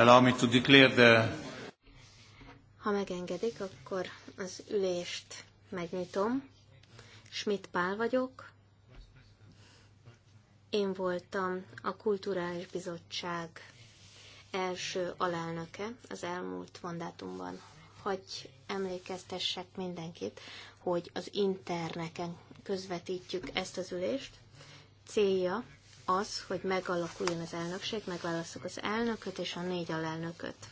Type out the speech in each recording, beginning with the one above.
Allow me to declare the... Ha megengedik, akkor az ülést megnyitom. Schmidt Pál vagyok. Én voltam a Kulturális Bizottság első alelnöke az elmúlt mandátumban. Hogy emlékeztessek mindenkit, hogy az interneten közvetítjük ezt az ülést. Célja, az, hogy megalakuljon az elnökség, megválasszuk az elnököt és a négy alelnököt.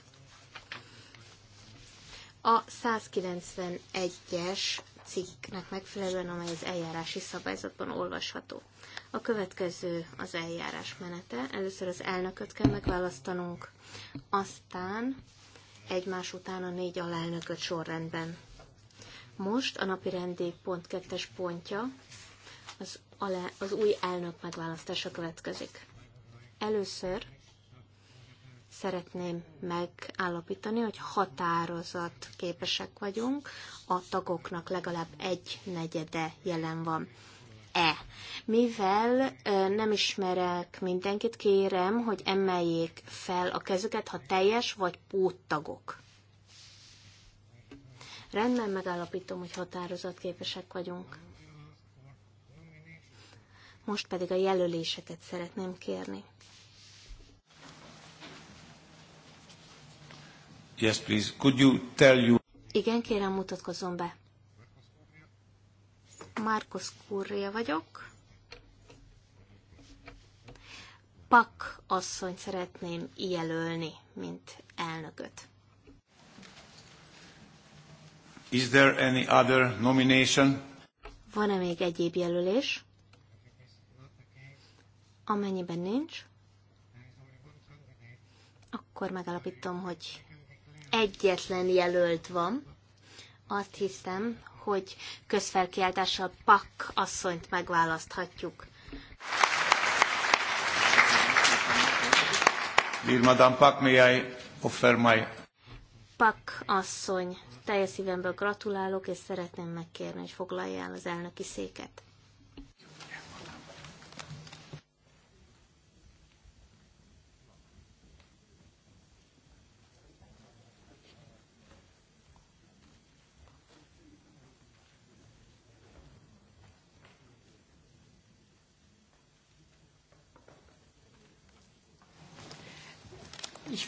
A 191-es cikknek megfelelően, amely az eljárási szabályzatban olvasható. A következő az eljárás menete. Először az elnököt kell megválasztanunk, aztán egymás után a négy alelnököt sorrendben. Most a napi rendi pont kettes pontja alá, az új elnök megválasztása következik. Először szeretném megállapítani, hogy határozat képesek vagyunk, a tagoknak legalább egy negyede jelen van. E. Mivel nem ismerek mindenkit, kérem, hogy emeljék fel a kezüket, ha teljes vagy póttagok. Rendben megállapítom, hogy határozat képesek vagyunk. Most pedig a jelöléseket szeretném kérni. Yes, please. Could you tell you... Igen, kérem, mutatkozzon be. Markus Kurria vagyok. Pak asszony szeretném jelölni, mint elnököt. Is there any other nomination? Van-e még egyéb jelölés? Amennyiben nincs, akkor megalapítom, hogy egyetlen jelölt van. Azt hiszem, hogy közfelkiáltással Pak asszonyt megválaszthatjuk. Madame Pak asszony, teljes szívemből gratulálok, és szeretném megkérni, hogy foglalja el az elnöki széket.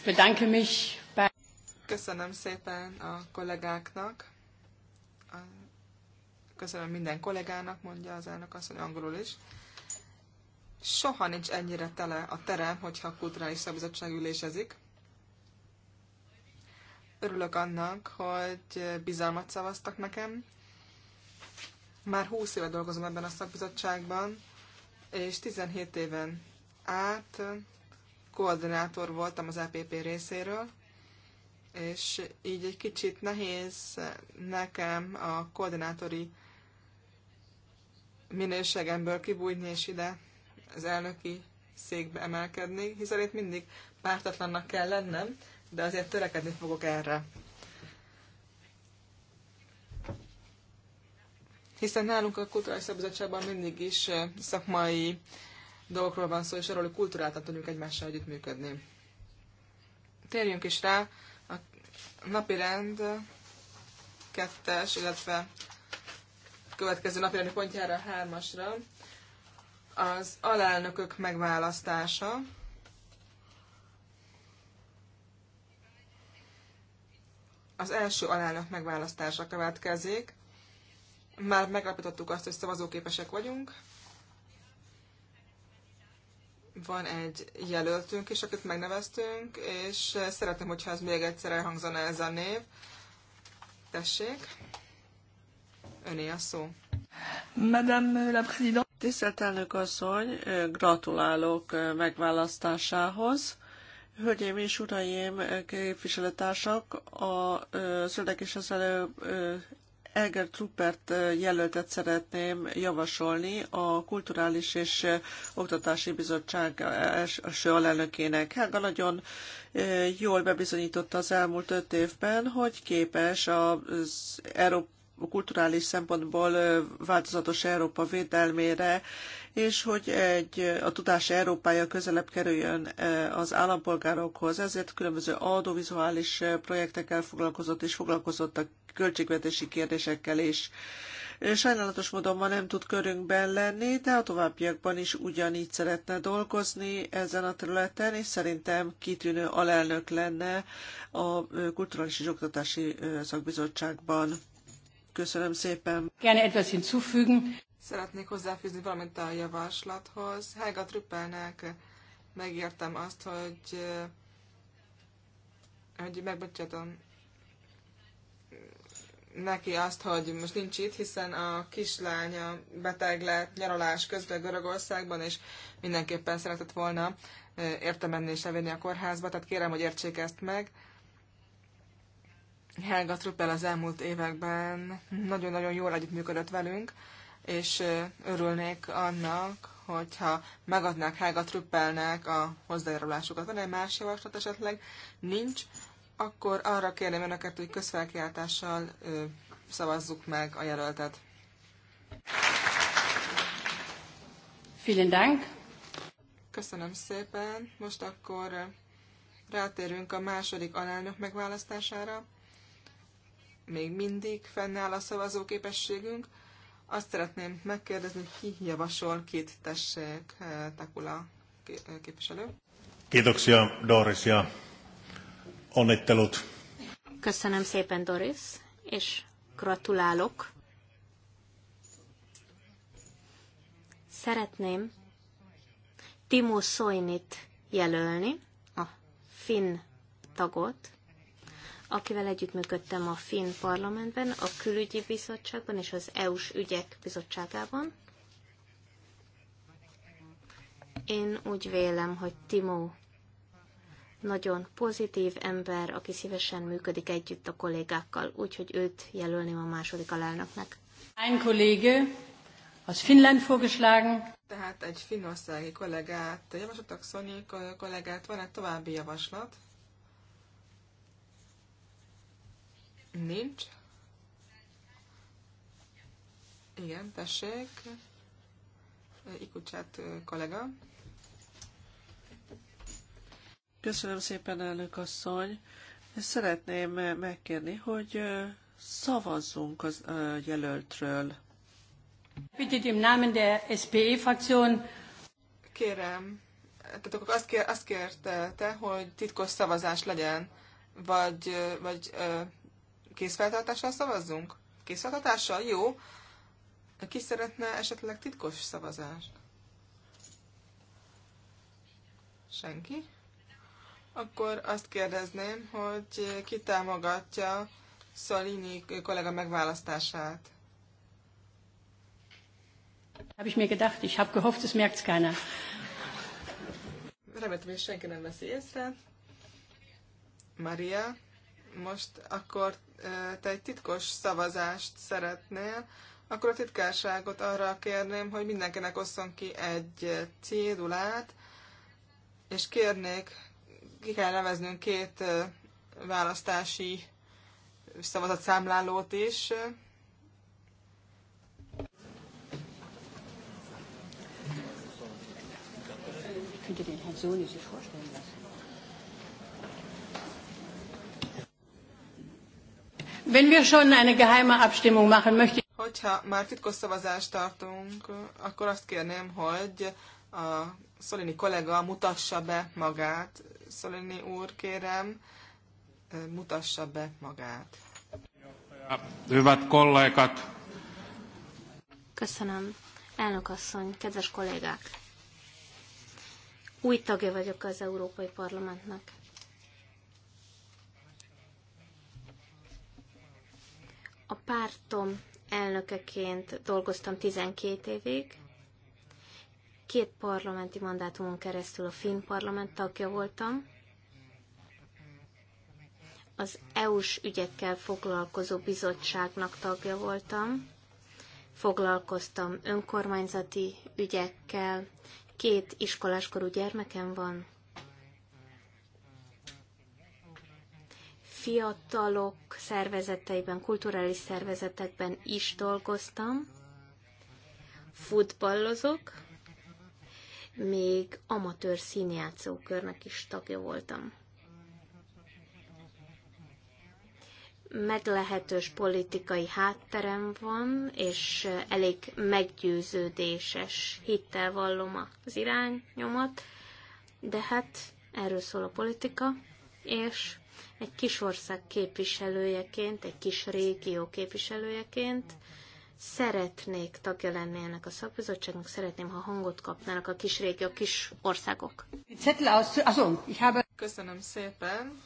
bedanke mich bei... Köszönöm szépen a kollégáknak. Köszönöm minden kollégának, mondja az elnök asszony angolul is. Soha nincs ennyire tele a terem, hogyha a kulturális szabizottság ülésezik. Örülök annak, hogy bizalmat szavaztak nekem. Már 20 éve dolgozom ebben a szakbizottságban, és 17 éven át koordinátor voltam az EPP részéről, és így egy kicsit nehéz nekem a koordinátori minőségemből kibújni és ide az elnöki székbe emelkedni, hiszen itt mindig pártatlannak kell lennem, de azért törekedni fogok erre. Hiszen nálunk a Kulturális Szabadságban mindig is szakmai dolgokról van szó, és arról, hogy kulturáltan tudjuk egymással együttműködni. Térjünk is rá a napi rend, kettes, illetve következő napi rendi pontjára, a hármasra, az alelnökök megválasztása. Az első alelnök megválasztása következik. Már megállapítottuk azt, hogy szavazóképesek vagyunk van egy jelöltünk is, akit megneveztünk, és szeretném, hogyha ez még egyszer elhangzana ez a név. Tessék, öné a szó. Madame la Présidente. Tisztelt elnök asszony, gratulálok megválasztásához. Hölgyeim és uraim, képviselőtársak, a szöldek és az előbb Elger Truppert jelöltet szeretném javasolni a Kulturális és Oktatási Bizottság első alelnökének. Helga hát, nagyon jól bebizonyította az elmúlt öt évben, hogy képes az Európa kulturális szempontból változatos Európa védelmére, és hogy egy, a tudás Európája közelebb kerüljön az állampolgárokhoz, ezért különböző audiovizuális projektekkel foglalkozott, és foglalkozott a költségvetési kérdésekkel is. Sajnálatos módon ma nem tud körünkben lenni, de a továbbiakban is ugyanígy szeretne dolgozni ezen a területen, és szerintem kitűnő alelnök lenne a Kulturális és Oktatási Szakbizottságban. Köszönöm szépen. Gerne etwas hinzufügen. Szeretnék hozzáfűzni valamit a javaslathoz. Helga Trüppelnek megértem azt, hogy, hogy megbocsátom neki azt, hogy most nincs itt, hiszen a kislánya beteg lett nyaralás közben Görögországban, és mindenképpen szeretett volna eh, érte menni és levinni a kórházba, tehát kérem, hogy értsék ezt meg. Helga Truppel az elmúlt években nagyon-nagyon jól együttműködött velünk, és örülnék annak, hogyha megadnák Helga Truppelnek a hozzájárulásukat. van egy más javaslat esetleg? Nincs. Akkor arra kérném önöket, hogy közfelkiáltással szavazzuk meg a jelöltet. Vielen Dank. Köszönöm szépen. Most akkor rátérünk a második alelnök megválasztására még mindig fennáll a szavazóképességünk. Azt szeretném megkérdezni, hogy ki javasol két tessék eh, Takula eh, képviselő. Kétoksia, Doris ja onnittelut. Köszönöm szépen Doris, és gratulálok. Szeretném Timo Soinit jelölni, a finn tagot, akivel együttműködtem a Finn parlamentben, a külügyi bizottságban és az EU-s ügyek bizottságában. Én úgy vélem, hogy Timó nagyon pozitív ember, aki szívesen működik együtt a kollégákkal, úgyhogy őt jelölném a második alelnöknek. Ein Kollege aus Finnland vorgeschlagen. Tehát egy finnországi kollégát javasoltak, Szonyi kollégát, van egy további javaslat? Nincs. Igen, tessék. Ikucsát kollega. Köszönöm szépen, elnök asszony. Szeretném megkérni, hogy szavazzunk az jelöltről. im spe Kérem, tehát akkor azt, kér, azt kérte te, hogy titkos szavazás legyen, vagy, vagy készfeltartással szavazzunk? Készfeltartással? Jó. Ki szeretne esetleg titkos szavazást? Senki? Akkor azt kérdezném, hogy ki támogatja Szalini kollega megválasztását? Habe ich mir gedacht, ich habe gehofft, es merkt keiner. Remélem, hogy senki nem veszi észre. Maria, most akkor te egy titkos szavazást szeretnél, akkor a titkárságot arra kérném, hogy mindenkinek osszon ki egy cédulát, és kérnék, ki kell neveznünk két választási szavazatszámlálót is. Könnt ihr den Herrn Sohn sich vorstellen lassen? Hogyha már titkos szavazást tartunk, akkor azt kérném, hogy a Szolini kollega mutassa be magát. Szolini úr, kérem, mutassa be magát. Hyvät kollégát! Köszönöm. Elnök asszony, kedves kollégák! Új tagja vagyok az Európai Parlamentnek. A pártom elnökeként dolgoztam 12 évig, két parlamenti mandátumon keresztül a finn parlament tagja voltam, az EU-s ügyekkel foglalkozó bizottságnak tagja voltam, foglalkoztam önkormányzati ügyekkel, két iskoláskorú gyermekem van, fiatalok szervezeteiben, kulturális szervezetekben is dolgoztam, futballozok, még amatőr színjátszókörnek is tagja voltam. meglehetős politikai hátterem van, és elég meggyőződéses hittel vallom az irányomat, de hát erről szól a politika, és egy kis ország képviselőjeként, egy kis régió képviselőjeként szeretnék tagja lenni ennek a szakbizottságnak, szeretném, ha hangot kapnának a kis régió, kis országok. Köszönöm szépen.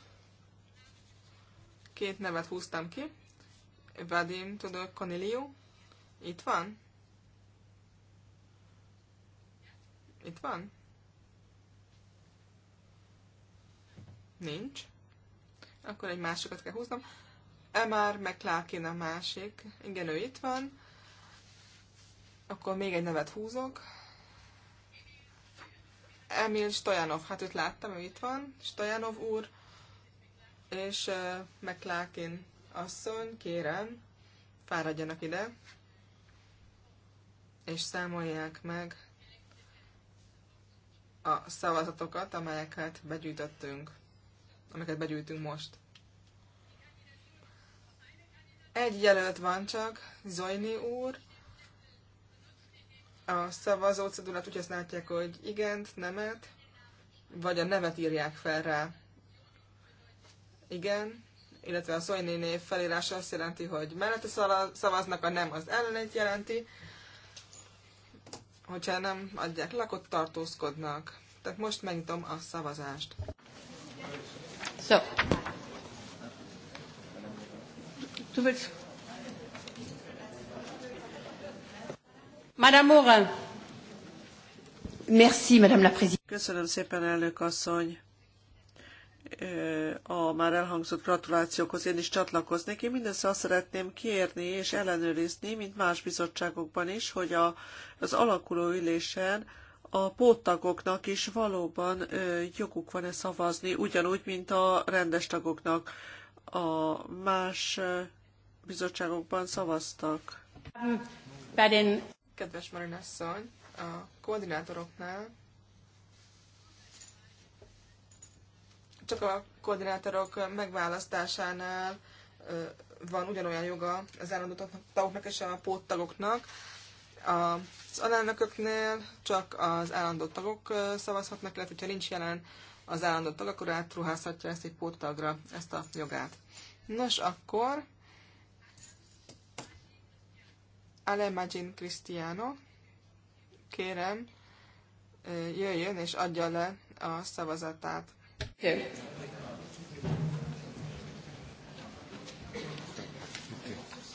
Két nevet húztam ki. Vadim, tudod, Cornelio. Itt van? Itt van? Nincs akkor egy másikat kell húznom. Emár McClarkin a másik. Igen, ő itt van. Akkor még egy nevet húzok. Emil Stojanov, hát őt láttam, ő itt van. Stojanov úr és uh, McClarkin asszony, kérem, fáradjanak ide, és számolják meg a szavazatokat, amelyeket begyűjtöttünk amiket begyűjtünk most. Egy jelölt van csak, Zajni úr. A szavazó cedulát úgy használják, hogy igent, nemet, vagy a nevet írják fel rá. Igen, illetve a Zajni név felírása azt jelenti, hogy mellette szavaznak, a nem az ellenét jelenti. Hogyha nem adják lakott tartózkodnak. Tehát most megnyitom a szavazást. So. Du willst? Madame Morin. Merci, Madame la Présidente. Köszönöm szépen, elnök asszony a már elhangzott gratulációkhoz én is csatlakoznék. Én mindössze azt szeretném kérni és ellenőrizni, mint más bizottságokban is, hogy a, az alakuló ülésen a póttagoknak is valóban joguk van-e szavazni, ugyanúgy, mint a rendes tagoknak. A más bizottságokban szavaztak. Kedves Kedves Marinasszony, a koordinátoroknál csak a koordinátorok megválasztásánál van ugyanolyan joga az állandó tagoknak és a póttagoknak, az alelnököknél csak az állandó tagok szavazhatnak, illetve ha nincs jelen az állandó tag, akkor átruházhatja ezt egy póttagra, ezt a jogát. Nos, akkor Alemagin Cristiano, kérem, jöjjön és adja le a szavazatát. Jöjjön.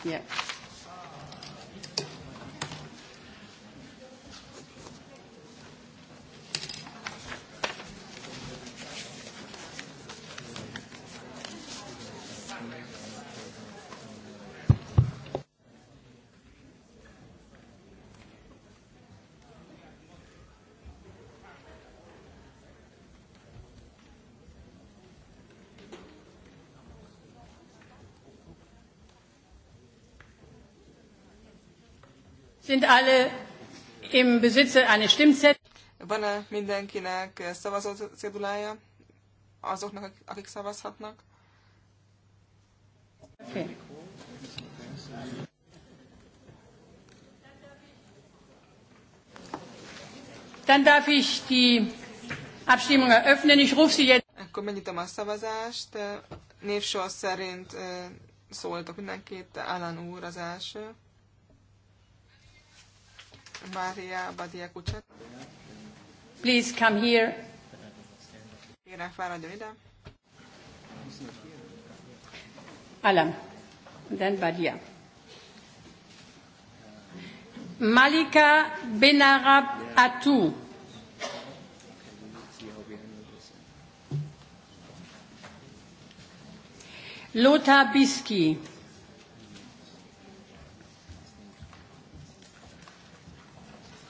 Yeah. Sind alle im Besitze eines Stimmzettels. Van-e mindenkinek szavazó cédulája? Azoknak, akik szavazhatnak? Okay. Dann darf ich die Abstimmung eröffnen. Ich rufe Sie jetzt. Akkor megnyitom a szavazást. Névsor szerint szóltak mindenkit. Alan úr az első. Badia Kucset. Please come here. Kérem, fáradjon ide. Alam. Then Badia. Malika Benarab Atu. Lothar Biski.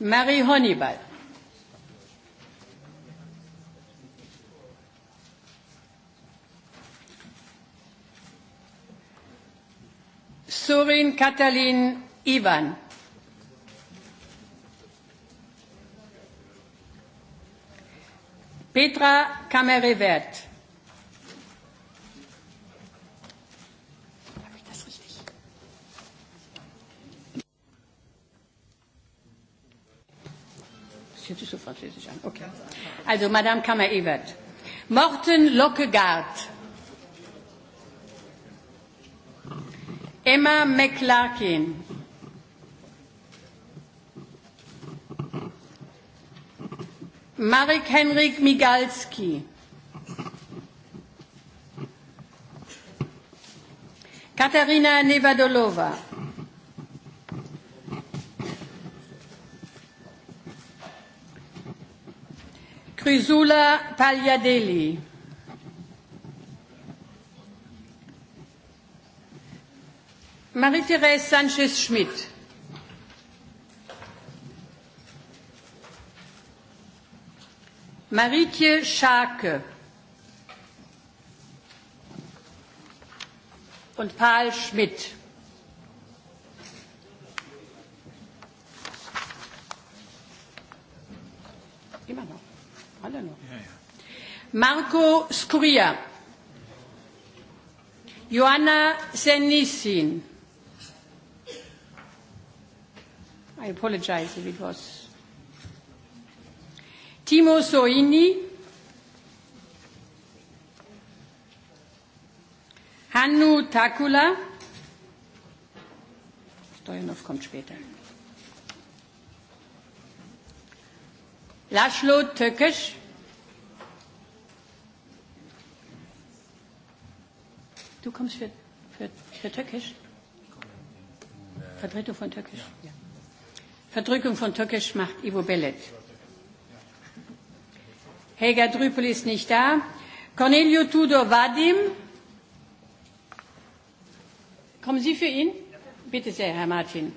Mary Honeyball. Surin Katalin Ivan. Petra Kamerevert. Willst du so Französisch an? Okay. Also, Madame Kammer-Ebert. Morten Lockegaard. Emma McClarkin. Marek Henrik Migalski. Katarina Nevadolova. Crisula Tagliadelli. Marie-Thérèse Sanchez-Schmidt. Marieke Schake. Und Paul Schmidt. Marco Scuria, Joanna Senissin. I apologize if it was. Timo Soini, Hannu Takula, Stojanov kommt später. Laszlo Tökösz. Du kommst für, für, für Türkisch? Vertretung von Türkisch? Ja. Verdrückung von Türkisch macht Ivo Bellet. Helga Drüppel ist nicht da. Cornelio Tudor Vadim. Kommen Sie für ihn? Bitte sehr, Herr Martin.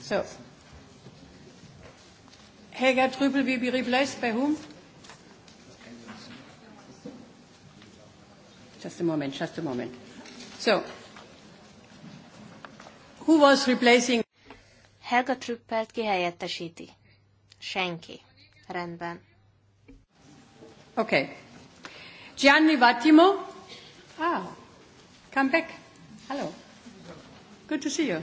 So. Helga Trübel will be replaced by whom? Just a moment, just a moment. So, who was replacing? Helga Trüppelt ki helyettesíti? Senki. Rendben. Okay. Gianni Vattimo. Ah, come back. Hello. Good to see you.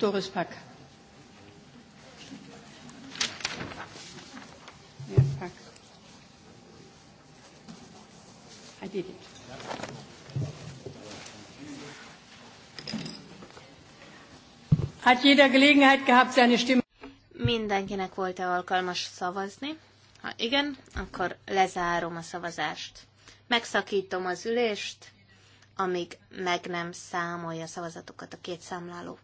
Doris Pack. Yeah, Pack. I did it. Hat jeder Gelegenheit gehabt, seine Stimme. Mindenkinek volt-e alkalmas szavazni? Ha igen, akkor lezárom a szavazást. Megszakítom az ülést, amíg meg nem számolja a szavazatokat a két számláló.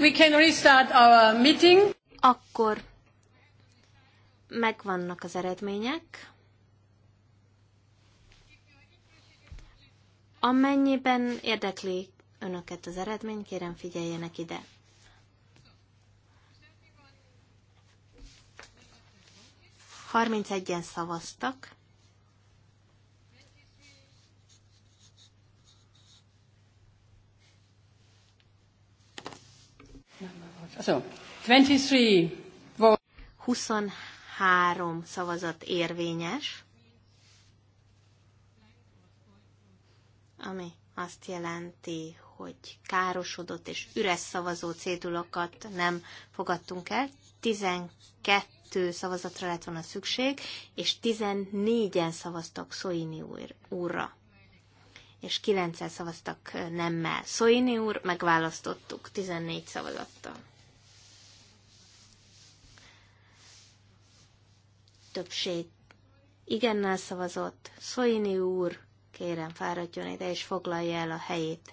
we can restart our meeting. Akkor megvannak az eredmények. Amennyiben érdekli önöket az eredmény, kérem figyeljenek ide. Harmincegyen szavaztak. So, 23 23 szavazat érvényes, ami azt jelenti, hogy károsodott és üres szavazó cédulokat nem fogadtunk el. 12 szavazatra lett volna szükség, és 14-en szavaztak Szoini úr, úrra és 9 szavaztak nemmel. Szoini úr megválasztottuk 14 szavazattal. többség igennel szavazott. Szoini úr, kérem fáradjon ide és foglalja el a helyét.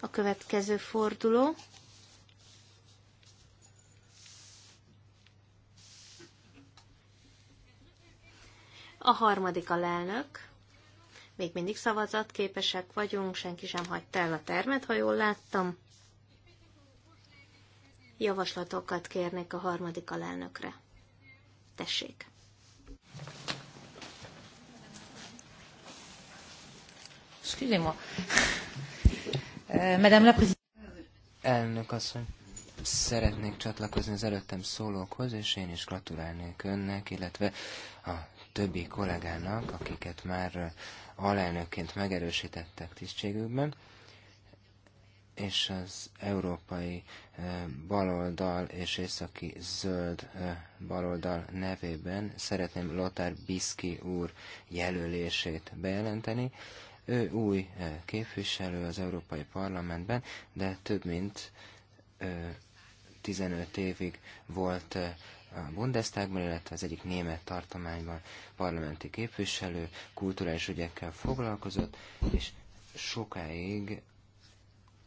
A következő forduló. A harmadik a lelnök. Még mindig szavazat képesek vagyunk, senki sem hagyta el a termet, ha jól láttam. Javaslatokat kérnék a harmadik alelnökre. Tessék! Excusez-moi. Euh, Madame la Présidente. Elnök asszony, szeretnék csatlakozni az előttem szólókhoz, és én is gratulálnék önnek, illetve a többi kollégának, akiket már alelnökként megerősítettek tisztségükben és az európai eh, baloldal és északi zöld eh, baloldal nevében szeretném Lothar Biszki úr jelölését bejelenteni. Ő új eh, képviselő az Európai Parlamentben, de több mint 15 évig volt a Bundestagban, illetve az egyik német tartományban parlamenti képviselő, kulturális ügyekkel foglalkozott, és sokáig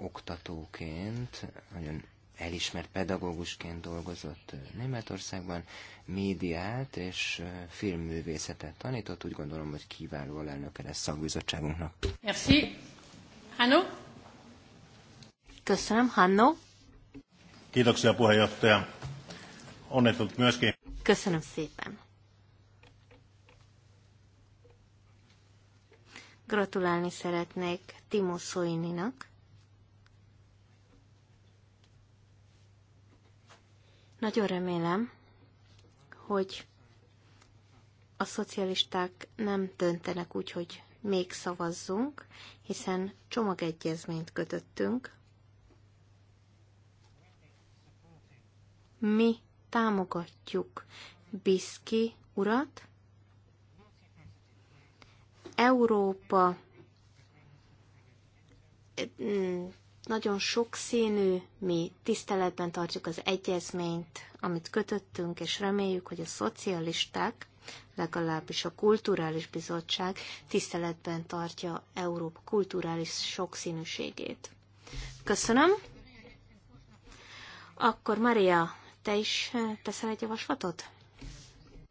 oktatóként, nagyon elismert pedagógusként dolgozott Németországban, médiát és filmművészetet tanított, úgy gondolom, hogy kiváló alelnöke lesz szakbizottságunknak. Merci. Hanno? Köszönöm, Hanno. Kiitoksia puheenjohtaja. Onnetut myöskin. Köszönöm szépen. Gratulálni szeretnék Timo Soininak, Nagyon remélem, hogy a szocialisták nem döntenek úgy, hogy még szavazzunk, hiszen csomagegyezményt kötöttünk. Mi támogatjuk Biszki urat, Európa mm, nagyon sokszínű, mi tiszteletben tartjuk az egyezményt, amit kötöttünk, és reméljük, hogy a szocialisták, legalábbis a Kulturális Bizottság tiszteletben tartja Európa kulturális sokszínűségét. Köszönöm. Akkor Maria, te is eh, teszel egy javaslatot?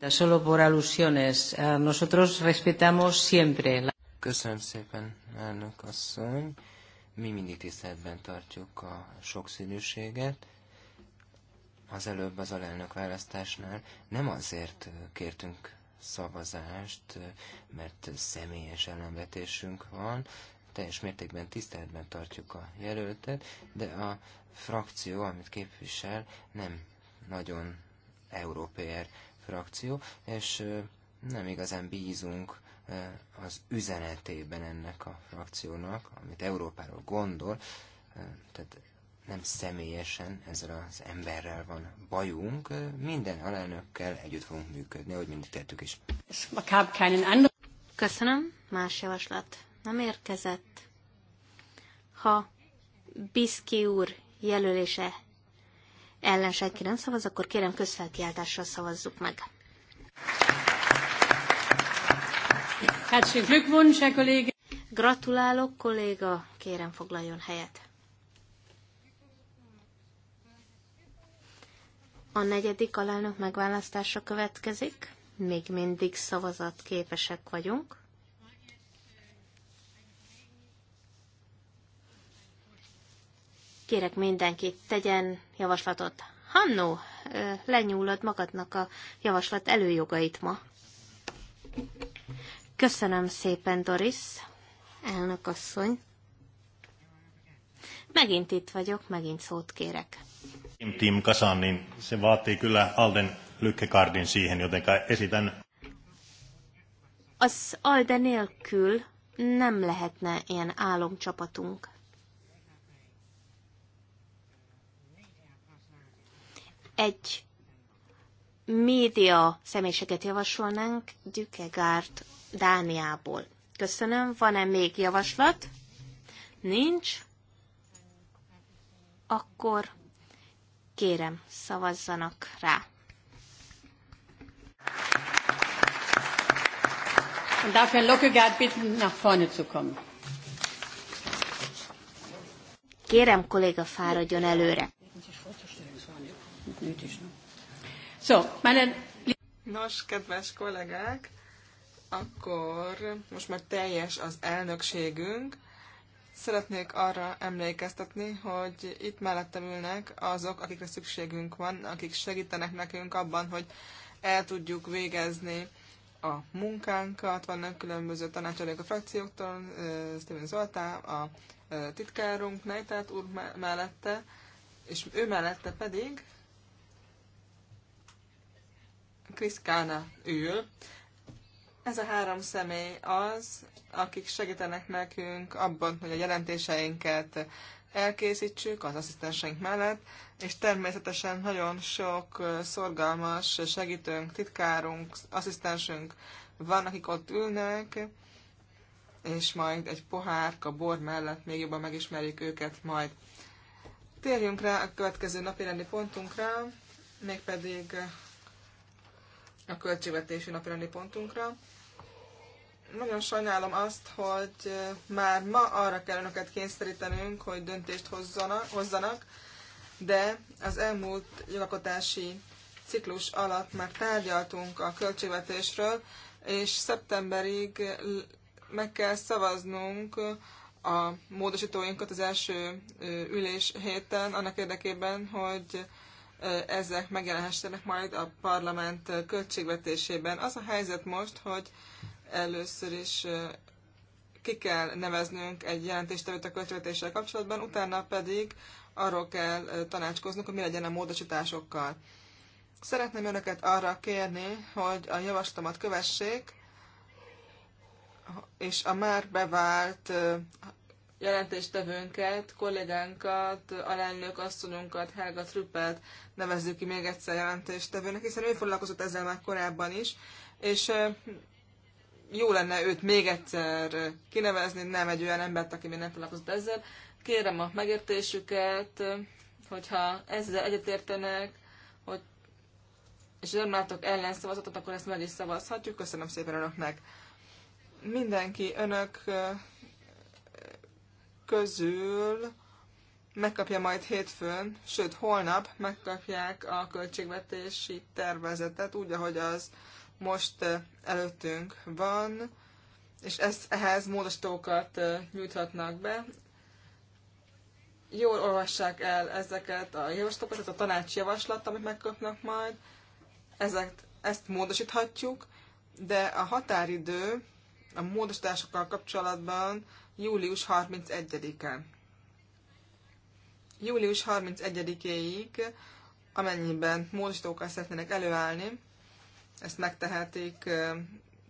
Solo por alusiones. Eh, nosotros respetamos siempre. Köszönöm szépen, elnök asszony. Mi mindig tiszteletben tartjuk a sokszínűséget. Az előbb az alelnök választásnál nem azért kértünk szavazást, mert személyes ellenvetésünk van, teljes mértékben tiszteletben tartjuk a jelöltet, de a frakció, amit képvisel, nem nagyon európér frakció, és nem igazán bízunk az üzenetében ennek a frakciónak, amit Európáról gondol, tehát nem személyesen ezzel az emberrel van bajunk, minden alelnökkel együtt fogunk működni, ahogy mindig tettük is. Köszönöm, más javaslat nem érkezett. Ha Biszki úr jelölése ellen senki nem szavaz, akkor kérem közfelkiáltással szavazzuk meg. Herzlichen Glückwunsch, Herr Kollege. Gratulálok, kolléga, kérem foglaljon helyet. A negyedik alelnök megválasztása következik. Még mindig szavazat képesek vagyunk. Kérek mindenkit, tegyen javaslatot. Hannó, lenyúlod magadnak a javaslat előjogait ma. Köszönöm szépen, Doris, elnök asszony. Megint itt vagyok, megint szót kérek. Team, team kasaan, niin se vaatii kyllä Alden lykkekardin siihen, jotenka esitän... Az Alde nélkül nem lehetne ilyen álomcsapatunk. Egy média személyiséget javasolnánk Dükegárt Dániából. Köszönöm. Van-e még javaslat? Nincs. Akkor kérem, szavazzanak rá. Und darf Herrn Lockegaard bitten, nach vorne zu kommen. Kérem, kolléga, fáradjon előre. Nötig, ne? So, meine... Nos, kedves kollégák, akkor most már teljes az elnökségünk. Szeretnék arra emlékeztetni, hogy itt mellettem ülnek azok, akikre szükségünk van, akik segítenek nekünk abban, hogy el tudjuk végezni a munkánkat. Vannak különböző tanácsadók a frakcióktól, Steven Zoltán, a titkárunk, Nejtát úr mellette, és ő mellette pedig Kriszkána ül. Ez a három személy az, akik segítenek nekünk abban, hogy a jelentéseinket elkészítsük az asszisztenseink mellett, és természetesen nagyon sok szorgalmas segítőnk, titkárunk, asszisztensünk van, akik ott ülnek, és majd egy pohárka bor mellett még jobban megismerjük őket majd. Térjünk rá a következő napi rendi pontunkra, mégpedig a költségvetési napirendi pontunkra. Nagyon sajnálom azt, hogy már ma arra kell önöket kényszerítenünk, hogy döntést hozzanak, hozzanak de az elmúlt jogalkotási ciklus alatt már tárgyaltunk a költségvetésről, és szeptemberig meg kell szavaznunk a módosítóinkat az első ülés héten, annak érdekében, hogy ezek megjelenhessenek majd a parlament költségvetésében. Az a helyzet most, hogy először is ki kell neveznünk egy jelentéstevőt a költségvetéssel kapcsolatban, utána pedig arról kell tanácskoznunk, hogy mi legyen a módosításokkal. Szeretném önöket arra kérni, hogy a javaslatomat kövessék, és a már bevált jelentéstevőnket, kollégánkat, alelnök asszonyunkat, Helga Trüppelt nevezzük ki még egyszer jelentéstevőnek, hiszen ő foglalkozott ezzel már korábban is, és jó lenne őt még egyszer kinevezni, nem egy olyan embert, aki még nem foglalkozott ezzel. Kérem a megértésüket, hogyha ezzel egyetértenek, hogy és nem látok ellenszavazatot, akkor ezt meg is szavazhatjuk. Köszönöm szépen önöknek. Mindenki önök közül megkapja majd hétfőn, sőt holnap megkapják a költségvetési tervezetet, úgy, ahogy az most eh, előttünk van, és ezt, ehhez módosítókat eh, nyújthatnak be. Jól olvassák el ezeket a javaslatokat, ez a tanács javaslat, amit megkapnak majd. Ezeket, ezt módosíthatjuk, de a határidő a módosításokkal kapcsolatban július 31-en. Július 31-éig, amennyiben módosítókkal szeretnének előállni, ezt megtehetik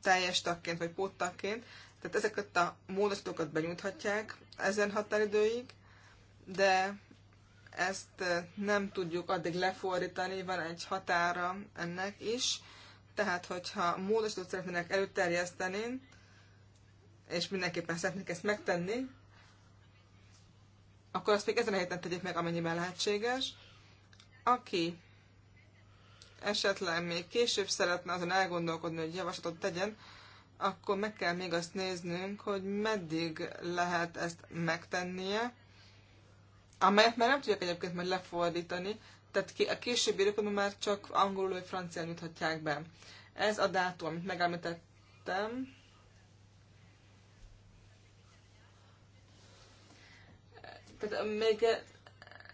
teljes tagként vagy póttagként, tehát ezeket a módosítókat benyújthatják ezen határidőig, de ezt nem tudjuk addig lefordítani, van egy határa ennek is, tehát hogyha módosítót szeretnének előterjeszteni, és mindenképpen szeretnék ezt megtenni, akkor azt még ezen a héten tegyék meg, amennyiben lehetséges. Aki esetleg még később szeretne azon elgondolkodni, hogy javaslatot tegyen, akkor meg kell még azt néznünk, hogy meddig lehet ezt megtennie, amelyet már nem tudják egyébként majd lefordítani, tehát a későbbi időpontban már csak angolul vagy francián juthatják be. Ez a dátum, amit megemlítettem, tehát még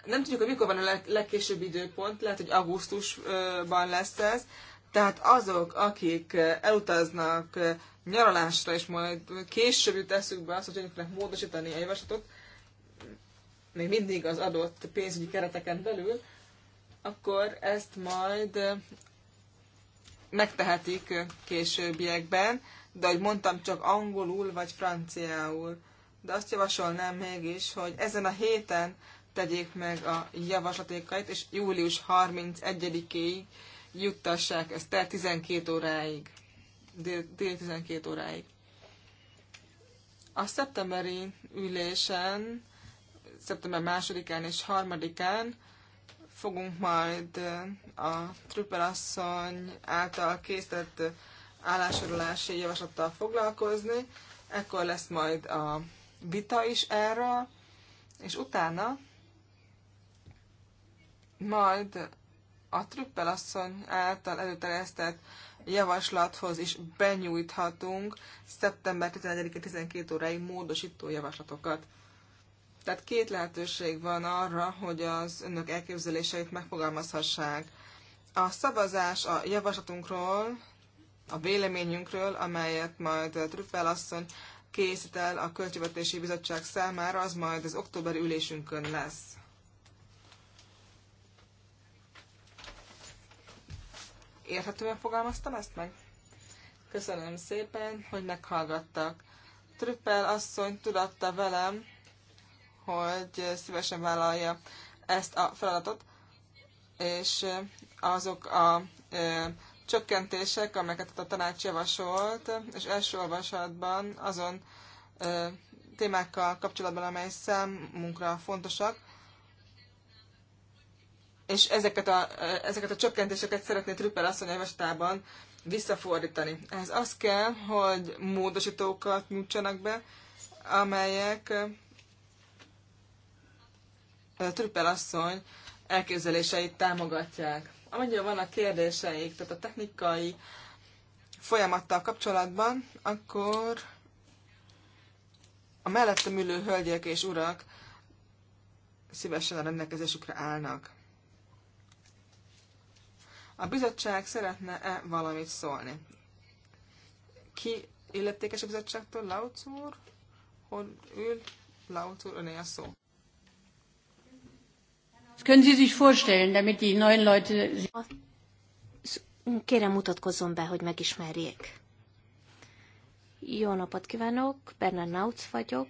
nem tudjuk, hogy mikor van a leg, legkésőbb időpont, lehet, hogy augusztusban lesz ez, tehát azok, akik elutaznak nyaralásra, és majd később jut be azt, hogy hogyan módosítani a javaslatot, még mindig az adott pénzügyi kereteken belül, akkor ezt majd megtehetik későbbiekben, de ahogy mondtam, csak angolul vagy franciául de azt javasolnám mégis, hogy ezen a héten tegyék meg a javaslatékait, és július 31-ig juttassák ezt el 12 óráig, dél, dél 12 óráig. A szeptemberi ülésen, szeptember másodikán és harmadikán fogunk majd a Trüperasszony által készített állásorulási javaslattal foglalkozni. Ekkor lesz majd a vita is erről, és utána majd a trüppelasszony által előterjesztett javaslathoz is benyújthatunk szeptember 11-e 12 óráig módosító javaslatokat. Tehát két lehetőség van arra, hogy az önök elképzeléseit megfogalmazhassák. A szavazás a javaslatunkról, a véleményünkről, amelyet majd Trüffel asszony készít el a Költségvetési Bizottság számára, az majd az októberi ülésünkön lesz. Érthetően fogalmaztam ezt meg? Köszönöm szépen, hogy meghallgattak. Trüppel asszony tudatta velem, hogy szívesen vállalja ezt a feladatot, és azok a csökkentések, amelyeket a tanács javasolt, és első olvasatban azon ö, témákkal kapcsolatban, amely számunkra fontosak, és ezeket a, ezeket a csökkentéseket szeretné Trüppel asszony javaslatában visszafordítani. Ez az kell, hogy módosítókat nyújtsanak be, amelyek Trüppel asszony elképzeléseit támogatják annyira vannak kérdéseik, tehát a technikai folyamattal kapcsolatban, akkor a mellettem ülő hölgyek és urak szívesen a rendelkezésükre állnak. A bizottság szeretne-e valamit szólni? Ki illetékes a bizottságtól? Lautz úr? Hol ül? Lautz úr, öné a szó können Sie sich vorstellen, damit die neuen Leute... Kérem, mutatkozzon be, hogy megismerjék. Jó napot kívánok, Bernard Nautz vagyok.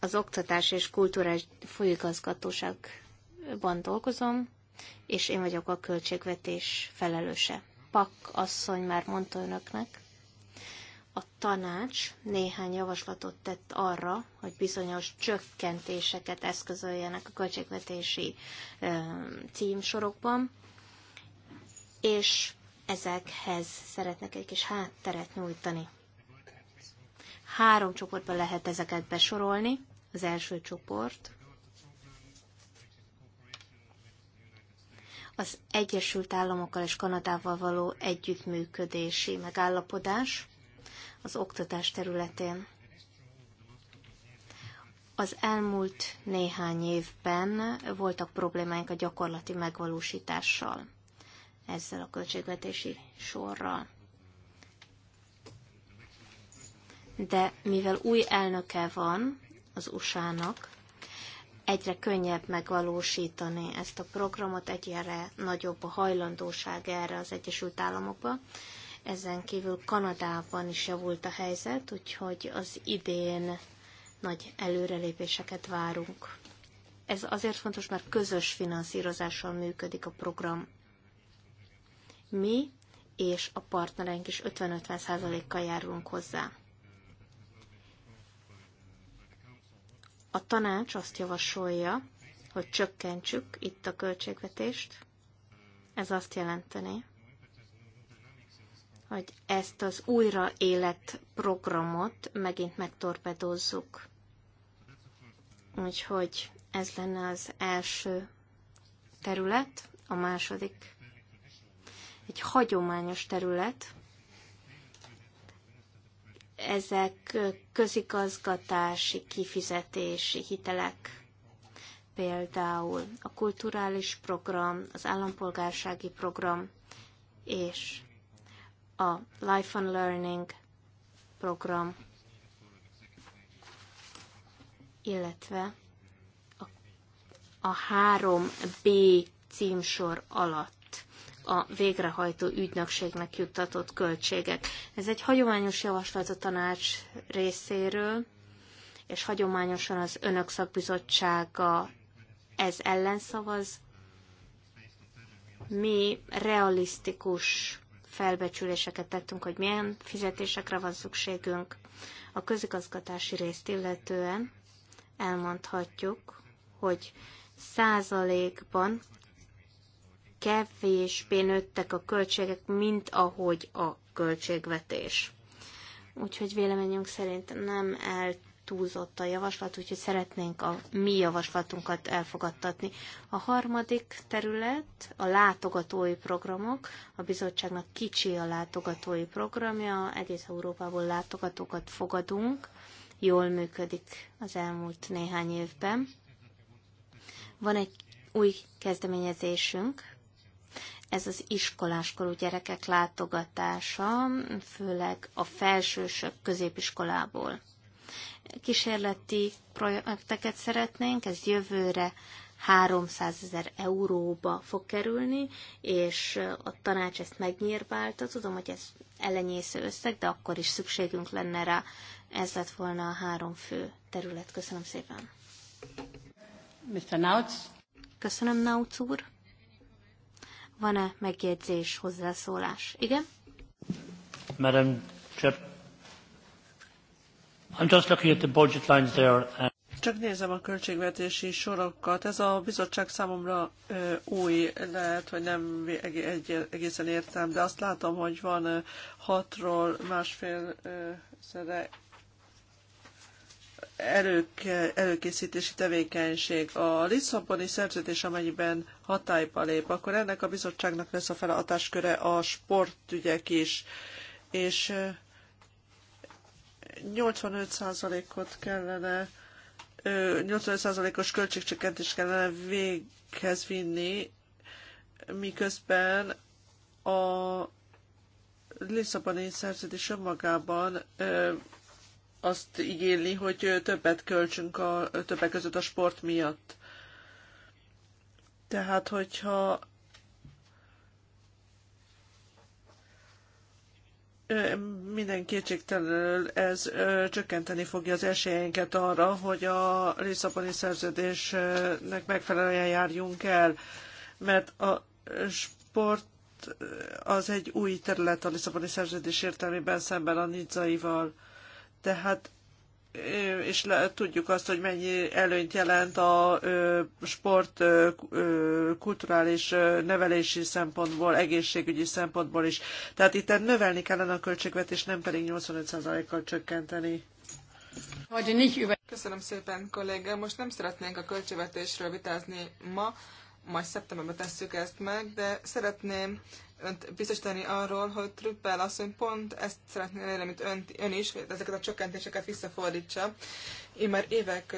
Az Oktatás és Kultúrás Folyigazgatóságban dolgozom, és én vagyok a költségvetés felelőse. Pak asszony már mondta önöknek, a tanács néhány javaslatot tett arra, hogy bizonyos csökkentéseket eszközöljenek a költségvetési címsorokban, és ezekhez szeretnek egy kis hátteret nyújtani. Három csoportba lehet ezeket besorolni. Az első csoport az Egyesült Államokkal és Kanadával való együttműködési megállapodás, az oktatás területén. Az elmúlt néhány évben voltak problémáink a gyakorlati megvalósítással, ezzel a költségvetési sorral. De mivel új elnöke van az USA-nak, egyre könnyebb megvalósítani ezt a programot, egyre nagyobb a hajlandóság erre az Egyesült Államokban, ezen kívül Kanadában is javult a helyzet, úgyhogy az idén nagy előrelépéseket várunk. Ez azért fontos, mert közös finanszírozással működik a program. Mi és a partnereink is 50-50%-kal járulunk hozzá. A tanács azt javasolja, hogy csökkentsük itt a költségvetést. Ez azt jelenteni, hogy ezt az újraélet programot megint megtorpedozzuk. Úgyhogy ez lenne az első terület, a második egy hagyományos terület. Ezek közigazgatási, kifizetési hitelek, például a kulturális program, az állampolgársági program és a Life and Learning program, illetve a, a 3B címsor alatt a végrehajtó ügynökségnek juttatott költségek. Ez egy hagyományos javaslat a tanács részéről, és hagyományosan az Önök szakbizottsága ez ellen szavaz. Mi realisztikus felbecsüléseket tettünk, hogy milyen fizetésekre van szükségünk. A közigazgatási részt illetően elmondhatjuk, hogy százalékban kevésbé nőttek a költségek, mint ahogy a költségvetés. Úgyhogy véleményünk szerint nem el túlzott a javaslat, úgyhogy szeretnénk a mi javaslatunkat elfogadtatni. A harmadik terület a látogatói programok. A bizottságnak kicsi a látogatói programja, egész Európából látogatókat fogadunk, jól működik az elmúlt néhány évben. Van egy új kezdeményezésünk, ez az iskoláskorú gyerekek látogatása, főleg a felsősök középiskolából kísérleti projekteket szeretnénk, ez jövőre 300 ezer euróba fog kerülni, és a tanács ezt megnyírválta. Tudom, hogy ez elenyésző összeg, de akkor is szükségünk lenne rá. Ez lett volna a három fő terület. Köszönöm szépen. Mr. Nautz. Köszönöm, Nautz úr. Van-e megjegyzés, hozzászólás? Igen? Madam Chair, I'm just looking at the budget lines there. Uh, Csak nézem a költségvetési sorokat. Ez a bizottság számomra ö, új, lehet, hogy nem eg- egy- egészen értem, de azt látom, hogy van ö, hatról másfél ö, szere elők, előkészítési tevékenység. A Lisszaboni szerződés, amennyiben hatályba lép, akkor ennek a bizottságnak lesz a feladatásköre a sportügyek is. És ö, 85%-ot kellene 85%-os költségcsökkentést kellene véghez vinni, miközben a Lisszaboni szerződés önmagában azt igényli, hogy többet költsünk a többek között a sport miatt. Tehát, hogyha Minden kétségtelenül ez csökkenteni fogja az esélyeinket arra, hogy a Lisszaboni szerződésnek megfelelően járjunk el, mert a sport az egy új terület a Lisszaboni szerződés értelmében szemben a nizzaival. Tehát és le, tudjuk azt, hogy mennyi előnyt jelent a ö, sport ö, kulturális ö, nevelési szempontból, egészségügyi szempontból is. Tehát itt növelni kellene a költségvetést, nem pedig 85%-kal csökkenteni. Köszönöm szépen, kolléga. Most nem szeretnénk a költségvetésről vitázni ma, majd szeptemberben tesszük ezt meg, de szeretném önt biztosítani arról, hogy Trüppel asszony pont ezt szeretné elérni, mint ön, ön is, hogy ezeket a csökkentéseket visszafordítsa. Én már évek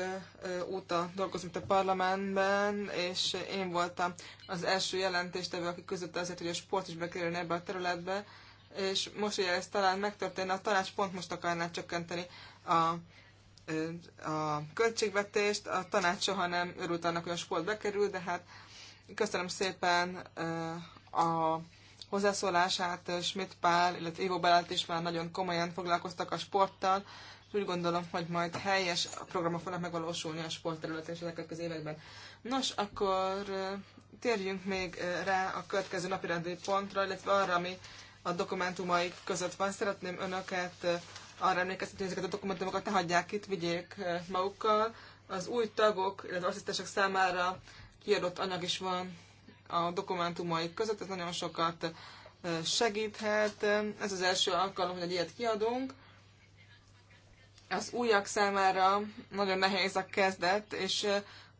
óta dolgozom itt a parlamentben, és én voltam az első jelentéstevő, aki között azért, hogy a sport is bekerüljön ebbe a területbe, és most hogy ez talán megtörténne, a tanács pont most akarná csökkenteni a a költségvetést, a tanács soha nem örült annak, hogy a sport bekerül, de hát Köszönöm szépen a hozzászólását, Schmidt Pál, illetve Ivo Belát is már nagyon komolyan foglalkoztak a sporttal, és úgy gondolom, hogy majd helyes programok fognak megvalósulni a sportterületen és ezek az években. Nos, akkor térjünk még rá a következő napirendi pontra, illetve arra, ami a dokumentumaik között van. Szeretném önöket arra emlékeztetni, hogy ezeket a dokumentumokat ne hagyják itt, vigyék magukkal. Az új tagok, illetve asszisztensek számára kiadott anyag is van a dokumentumai között, ez nagyon sokat segíthet. Ez az első alkalom, hogy egy ilyet kiadunk. Az újak számára nagyon nehéz a kezdet, és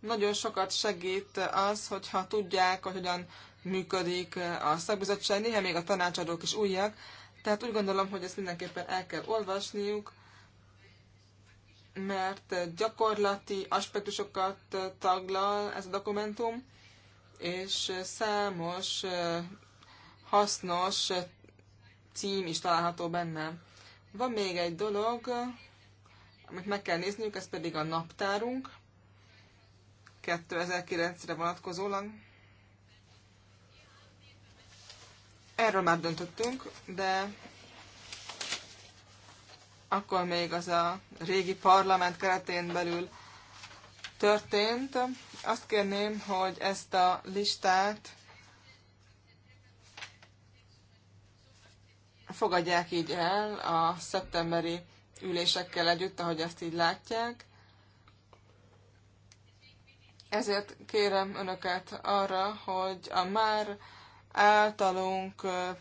nagyon sokat segít az, hogyha tudják, hogy hogyan működik a szakbizottság, néha még a tanácsadók is újak, tehát úgy gondolom, hogy ezt mindenképpen el kell olvasniuk, mert gyakorlati aspektusokat taglal ez a dokumentum, és számos hasznos cím is található benne. Van még egy dolog, amit meg kell nézniük, ez pedig a naptárunk, 2009-re vonatkozólag. Erről már döntöttünk, de akkor még az a régi parlament keretén belül történt. Azt kérném, hogy ezt a listát fogadják így el a szeptemberi ülésekkel együtt, ahogy ezt így látják. Ezért kérem Önöket arra, hogy a már általunk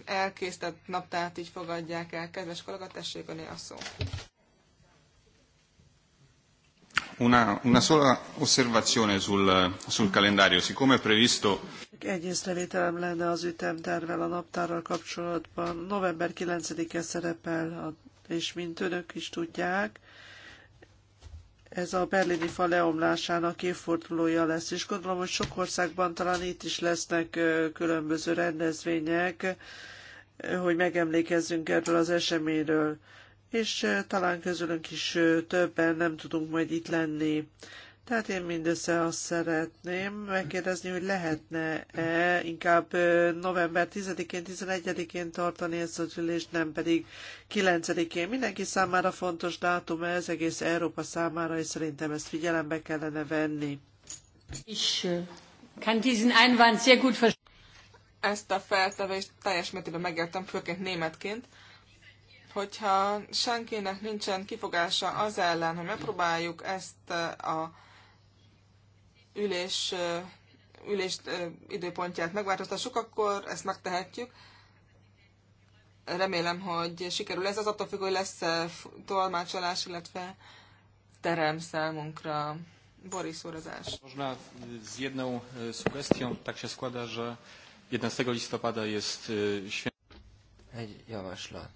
elkészített naptárt így fogadják el. Kedves kollega, tessék öné a szó. Una, una sola osservazione sul, sul calendario. Siccome è previsto... Egy észrevételem lenne az ütemtervel a naptárral kapcsolatban. November 9-e szerepel, és mint önök is tudják, ez a berlini fal leomlásának évfordulója lesz, és gondolom, hogy sok országban talán itt is lesznek különböző rendezvények, hogy megemlékezzünk erről az eseményről, és talán közülünk is többen nem tudunk majd itt lenni. Tehát én mindössze azt szeretném megkérdezni, hogy lehetne-e inkább november 10-én, 11-én tartani ezt a gyűlést, nem pedig 9-én. Mindenki számára fontos dátum ez, egész Európa számára, és szerintem ezt figyelembe kellene venni. Ich kann diesen Einwand sehr gut Ezt a feltevést teljes mértékben megértem, főként németként hogyha senkinek nincsen kifogása az ellen, hogy megpróbáljuk ezt a ülés, ülés időpontját megváltoztassuk, akkor ezt megtehetjük. Remélem, hogy sikerül ez, az attól függ, hogy lesz -e tolmácsolás, illetve terem számunkra. Boris urazás. Można z jedną e, sugestią, tak się składa, że 11 listopada jest e, święto. Egy javaslat.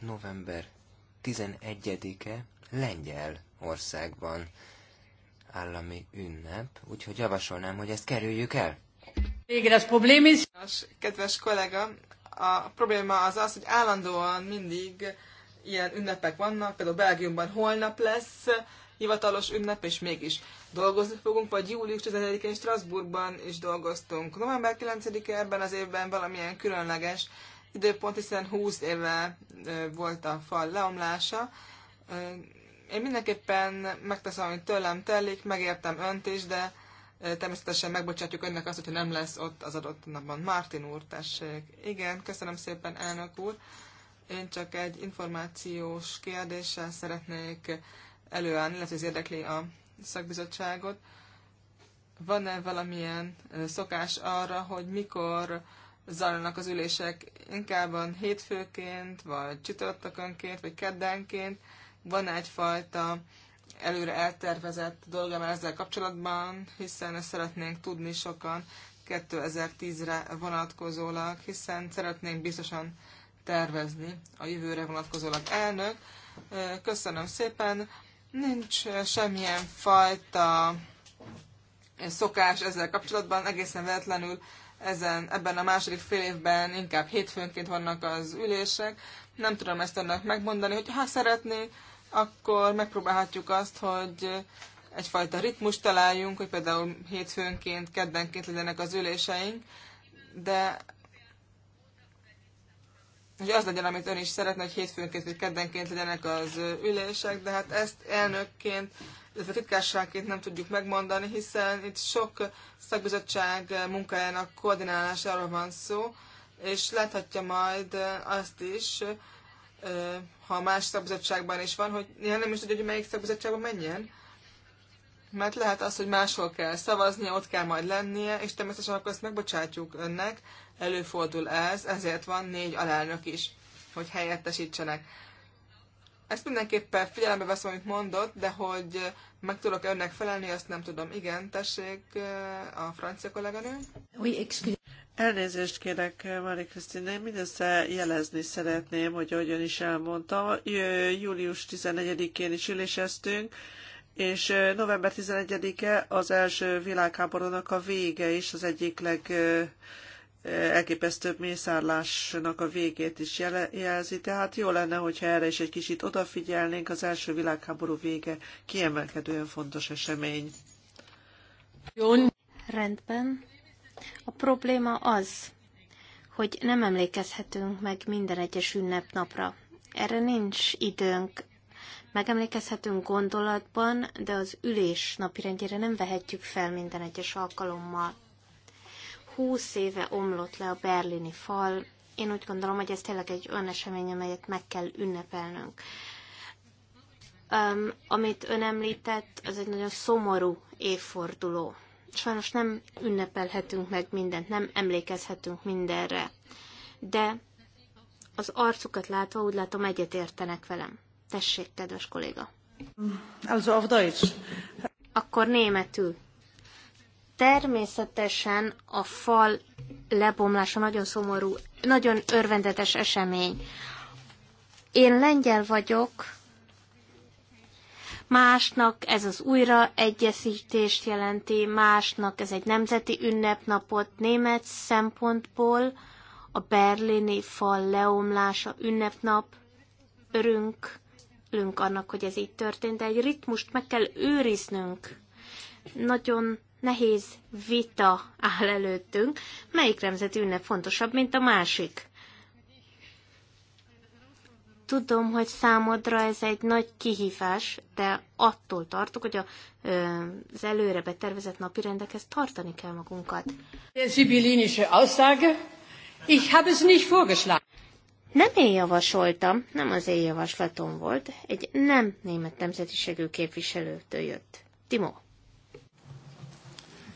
November 11-e lengyel országban állami ünnep, úgyhogy javasolnám, hogy ezt kerüljük el. Végre ez problém is. Kedves kollega, a probléma az az, hogy állandóan mindig ilyen ünnepek vannak, például Belgiumban holnap lesz hivatalos ünnep, és mégis dolgozni fogunk, vagy július 11-én Strasbourgban is dolgoztunk. November 9-e ebben az évben valamilyen különleges időpont, hiszen 20 éve volt a fal leomlása, én mindenképpen megteszem, amit tőlem telik, megértem önt is, de természetesen megbocsátjuk önnek azt, hogyha nem lesz ott az adott napon. mártin úr, tessék. Igen, köszönöm szépen, elnök úr. Én csak egy információs kérdéssel szeretnék előállni, illetve ez érdekli a szakbizottságot. Van-e valamilyen szokás arra, hogy mikor zajlanak az ülések inkább hétfőként, vagy csütörtökönként, vagy keddenként, van egyfajta előre eltervezett dolgom ezzel kapcsolatban, hiszen ezt szeretnénk tudni sokan 2010-re vonatkozólag, hiszen szeretnénk biztosan tervezni a jövőre vonatkozólag. Elnök, köszönöm szépen. Nincs semmilyen fajta szokás ezzel kapcsolatban, egészen véletlenül ezen, ebben a második fél évben inkább hétfőnként vannak az ülések. Nem tudom ezt önnek megmondani, hogy ha szeretné, akkor megpróbálhatjuk azt, hogy egyfajta ritmus találjunk, hogy például hétfőnként, keddenként legyenek az üléseink, de hogy az legyen, amit ön is szeretne, hogy hétfőnként vagy keddenként legyenek az ülések, de hát ezt elnökként, illetve titkárságként nem tudjuk megmondani, hiszen itt sok szakbizottság munkájának koordinálásáról van szó, és láthatja majd azt is, ha más szabadságban is van, hogy néha nem is tudja, hogy melyik szabadságban menjen. Mert lehet az, hogy máshol kell szavaznia, ott kell majd lennie, és természetesen akkor ezt megbocsátjuk önnek, előfordul ez, ezért van négy alelnök is, hogy helyettesítsenek. Ezt mindenképpen figyelembe veszem, amit mondott, de hogy meg tudok -e önnek felelni, azt nem tudom. Igen, tessék a francia kolléganő. Oui, excuse. Elnézést kérek, Mari Krisztin, én mindössze jelezni szeretném, hogy ahogyan is elmondta, július 14-én is üléseztünk, és november 11-e az első világháborúnak a vége is az egyik leg elképesztőbb mészárlásnak a végét is jelzi, tehát jó lenne, hogyha erre is egy kicsit odafigyelnénk, az első világháború vége kiemelkedően fontos esemény. Jó. Rendben. A probléma az, hogy nem emlékezhetünk meg minden egyes ünnepnapra. Erre nincs időnk. Megemlékezhetünk gondolatban, de az ülés napirendjére nem vehetjük fel minden egyes alkalommal. 20 éve omlott le a berlini fal. Én úgy gondolom, hogy ez tényleg egy olyan esemény, amelyet meg kell ünnepelnünk. Um, amit ön említett, az egy nagyon szomorú évforduló. Sajnos nem ünnepelhetünk meg mindent, nem emlékezhetünk mindenre. De az arcukat látva úgy látom egyetértenek velem. Tessék, kedves kolléga. Also auf Deutsch. Akkor németül. Természetesen a fal lebomlása nagyon szomorú, nagyon örvendetes esemény. Én lengyel vagyok, másnak ez az újraegyesítést jelenti, másnak ez egy nemzeti ünnepnapot német szempontból, a berlini fal leomlása ünnepnap, örünk, örünk annak, hogy ez így történt, de egy ritmust meg kell őriznünk. Nagyon nehéz vita áll előttünk, melyik nemzeti ünnep fontosabb, mint a másik. Tudom, hogy számodra ez egy nagy kihívás, de attól tartok, hogy a, az előre betervezett rendekhez tartani kell magunkat. Ich habe es nicht vorgeschlagen. Nem én javasoltam, nem az én javaslatom volt, egy nem német nemzetiségű képviselőtől jött. Timo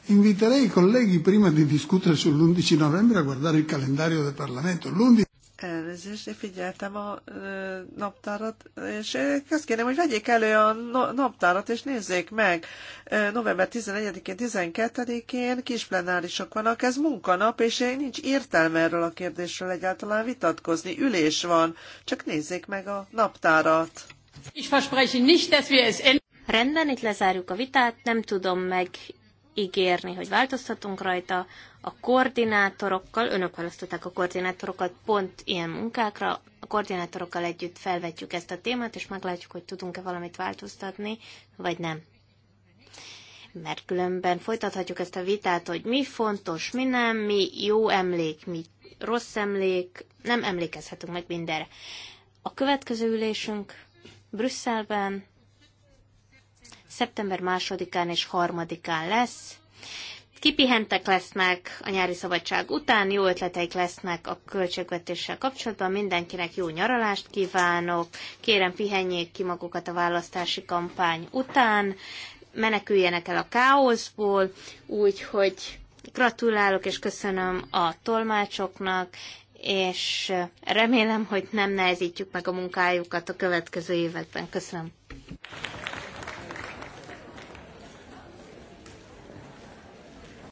inviterei i colleghi prima di discutere sull'11 novembre a guardare il calendario del Parlamento. L'11 Elnézést, figyeltem a ö, naptárat, és azt kérem, hogy vegyék elő a no, naptárat, és nézzék meg. Ö, november 11-én, 12-én kis plenárisok vannak, ez munkanap, és nincs értelme erről a kérdésről egyáltalán vitatkozni. Ülés van, csak nézzék meg a naptárat. Rendben, itt lezárjuk a vitát, nem tudom meg ígérni, hogy változtatunk rajta. A koordinátorokkal, önök választották a koordinátorokat pont ilyen munkákra, a koordinátorokkal együtt felvetjük ezt a témát, és meglátjuk, hogy tudunk-e valamit változtatni, vagy nem. Mert különben folytathatjuk ezt a vitát, hogy mi fontos, mi nem, mi jó emlék, mi rossz emlék, nem emlékezhetünk meg mindenre. A következő ülésünk Brüsszelben szeptember másodikán és harmadikán lesz. Kipihentek lesznek a nyári szabadság után, jó ötleteik lesznek a költségvetéssel kapcsolatban, mindenkinek jó nyaralást kívánok, kérem pihenjék ki magukat a választási kampány után, meneküljenek el a káoszból, úgyhogy gratulálok és köszönöm a tolmácsoknak, és remélem, hogy nem nehezítjük meg a munkájukat a következő években. Köszönöm.